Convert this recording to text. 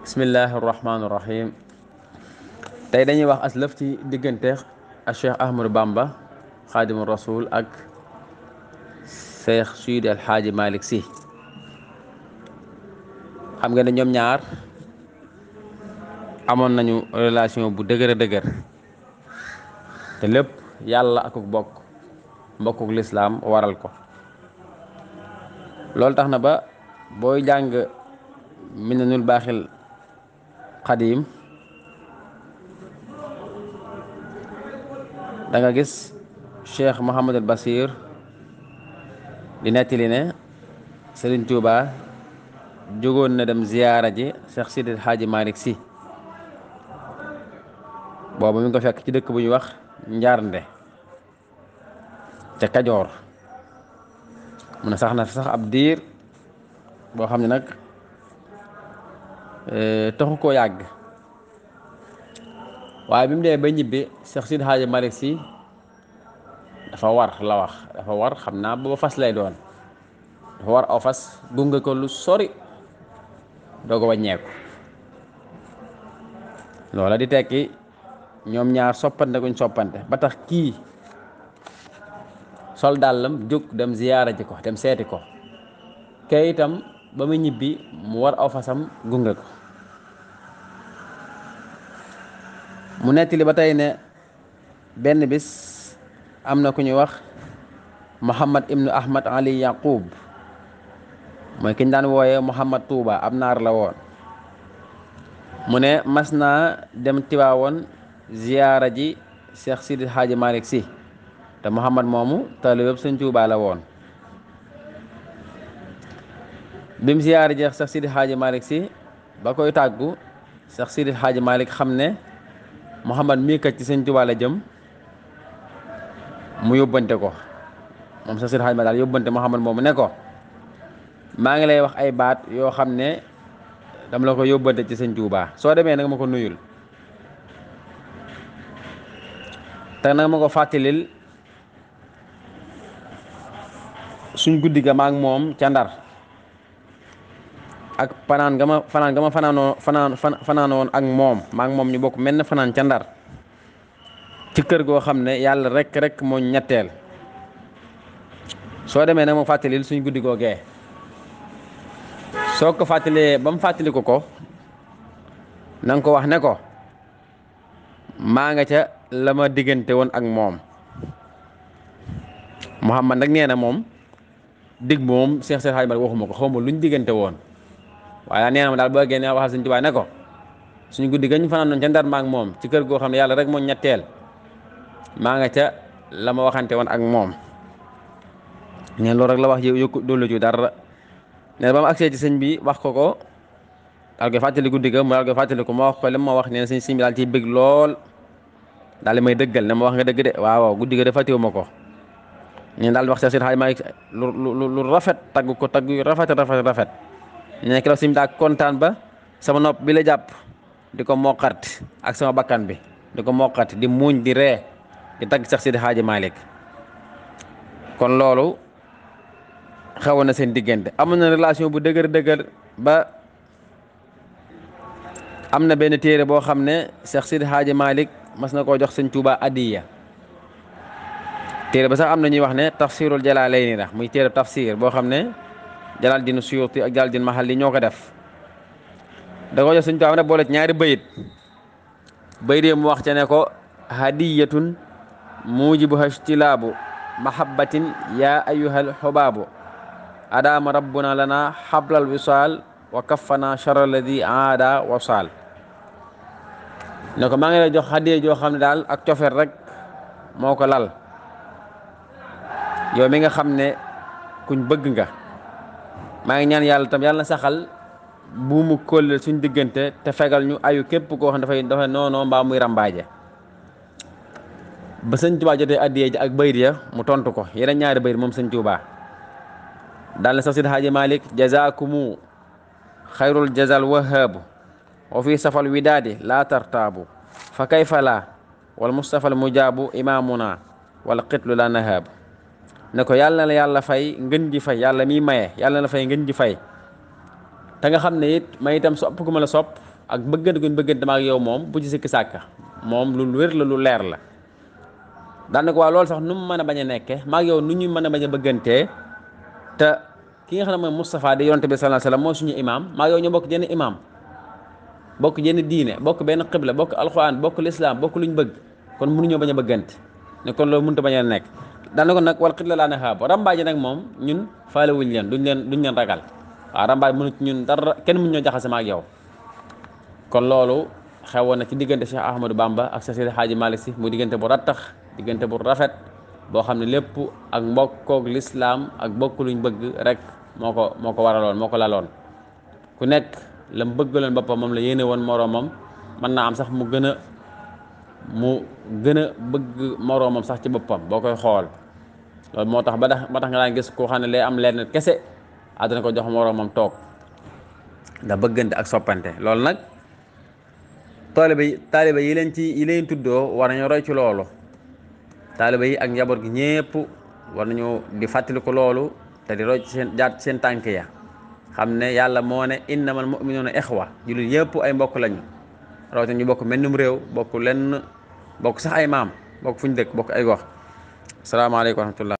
bismillahi rahmaani rahim tey dañuy wax aslëf ci diggante ak cheikh ahmadou bamba xaadimu rasul ak cheikh sud al xaaji malik si xam nga ne ñoom ñaar amoon nañu relation bu dëgër a dëgër te lépp yàlla akuk bokk mbokkuk lislaam waral ko loolu tax na ba booy jàng minanul baaxil xadiim danga gis cheikh Mouhamadul Basir di nettali ne Serigne Touba jógoon na dem ziyaara ji Cheikh Sidi Hadji Malick Sy boobu mi ngi ko fekk ci dëkk bu ñuy wax Njaarnde ca Kajoor mu ne sax sax ab diir boo xam ne nag Euh, taxu koo yàgg waaye bi mu demee ba ñibbi Cheikh Sidi Hadji Malick Sy dafa war la wax dafa war xam naa booba fas lay doon dafa war aw fas gunge ko lu sori doog a wàññeeku loola di tekki ñoom ñaar soppante guñ soppante ba tax kii sol dàllam jóg dem ziyaara ji ko dem seeti ko kay itam ba mu ñibbi mu war aw fasam gunge ko mu nettali ba tey ne benn bis am na ku ñuy wax Muhammad ibnu Ahmad Ali Yaqub mooy kiñ ñu daan wooyee Muhammad Touba ab naar la woon mu ne mas naa dem Tiwaawoon ziyaara ji Cheikh Sidi Hadji Malick Sy te Muhammad moomu taalibeeb Sëñ Touba la woon bi mu ziyaara ji Cheikh Sidi Hadji Malick Sy ba koy tàggu Cheikh Sidi Hadji Malick xam ne Muhammad mii kat ci sëñ Tuubaa la jëm mu yóbbante ko moom sa sëñ xajma daal yóbbante Muhammad moomu ne ko maa ngi lay wax ay baat yoo xam ne dama la ko yóbbante ci sëñ Tuubaa soo demee nag ma ko nuyul te nag ma ko fàttalil suñ guddi ga ma moom ca Ndar ak panaan nga ma fanaan nga ma fanaanoo fanaan fanaanoon ak moom maak moom ñu bokk mel na fanaan ca ndar ci kër goo xam ne yàlla rek rek moo ñetteel soo demee nag mu fàttalil suñ guddi googee soo ko fàttalee ba mu fàttali ko ko na ko wax ne ko maa nga ca la ma diggante woon ak moom Muhammad nag nee na moom digg moom Seex Seex Xaaj Malik waxuma ko xawma luñ diggante woon waaye daal nee na daal boo génnee waxal sëñ Tuubaa ne ko suñu guddi gañ fanaan noonu ca ndar maak moom ci kër goo xam ne yàlla rek moo ñetteel maa nga ca la ma waxante woon ak moom neen loolu rek la wax yow yokku doolu ci dara neen ba ma agsee ci sëñ bi wax ko ko daal fàttali guddi ga mu daal fàttali ko ma wax ko li wax neen sëñ sëñ bi daal ciy bëgg lool daal may dëggal ne ma wax nga dëgg de waaw guddi ga de fàttewu ma ko neen daal wax ca Seydi Hajji Maalik lu lu lu rafet tagg ko tagg yu rafet rafet rafet nee na keroog kontaan ba sama nopp bi la jàpp di ko moqat ak sama bakkan bi di ko moqat di muuñ di ree di tagg sax si di xaaji kon loolu xewoon na seen diggante amoon na relation bu dëgër dëgër ba am na benn téere boo xam ne Cheikh Sidi Hadji malik mas na koo jox sëñ Touba addiya téere ba sax am na ñuy wax ne tafsirul jalaalayni la muy téere tafsir boo xam ne jalaal dinu suyuuti ak jalaal dinu maxalli ñoo ko def da ko jox sëñ Tuubaa ne boole ñaari bayit bayit yi mu wax ca ne ko hadiyatun mujibuha ijtilaabu mahabbatin yaa ayyuhal xubaabu adaama rabbuna lana xablal wisaal wa kaffana chara alladi aada wasaal ne ko maa ngi lay jox hadiya joo xam ne daal ak cofet rek moo ko lal yow mi nga xam ne kuñ bëgg nga maa ngi ñaan yàlla tam yàlla na saxal bu mu kóllëre suñ diggante te fegal ñu ayu képp koo xam dafay dafa noonoo mbaa muy rambaaje ba sëñ Tuubaa jotee addiyee ak bayit ya mu tontu ko yeneen ñaari bayit moom sëñ Tuubaa daal na sax si Haaji Malik jazaakumu xayrul jazal wahaabu wa fi safal widaadi laa tartaabu fa kayfa laa wal mustafal mujaabu imaamuna wal qitlu la nahaabu ne ko yàlla na la yàlla fay ngën ji fay yàlla miy maye yàlla na la fay ngën ji fay te nga xam ne it may itam sopp gu ma la sopp ak bëggante guñ bëggante ma ak yow moom bu ci sikki sàkka moom lu wér la lu leer la daanaka waa loolu sax nu mu mën a bañ a nekke maag yow nu ñuy mën a bañ a bëggantee te ki nga xam ne mooy Moustapha di yonte bi sallallahu alayhi wasallam mooy suñu imaam maag yow ñu bokk jenn imaam bokk jenn diine bokk benn xibla bokk alxuraan bokk lislaam bokk luñ bëgg kon mënuñoo bañ a bëggante ne kon loolu mënut bañ a nekk daana ko nag wal xit la laa ne xaab rambaaji nag moom ñun faalewuñ leen duñ leen duñ leen ragal waaw rambaaj mënu ci ñun dara kenn mënu ñoo jaxase ma yow kon loolu xewoon na ci diggante Cheikh Ahmadou Bamba ak Cheikh Seydi Hadji Malick Sy diggante bu rattax diggante bu rafet boo xam ne lépp ak mbokkoog lislaam ak mbokk luñ bëgg rek moo ko moo ko waraloon moo ko laloon ku nekk la mu bëggaloon boppam moom la yéene woon moroomam mën naa am sax mu gën a mu gën a bëgg moroomam sax ci boppam boo koy xool loolu moo tax ba tax ba tax nga daan gis ko xam ne lay am lenn kese àddina ko jox moroomam toog da bëggante ak soppante loolu nag taaliba yi taaliba yi leen ci yi leen tuddoo war nañu roy ci loolu taaliba yi ak njaboot gi ñépp war nañu di fàttali ko loolu te di roy ci seen jaar ci seen tànk ya xam ne yàlla moo ne innamal mu'minuuna ixwa jullit yépp ay mbokk lañu rawatina ñu bokk mennum réew bokk lenn bokk sax ay maam bokk fu ñu dëkk bokk ay gox salaamaaleykum wa rahmatullah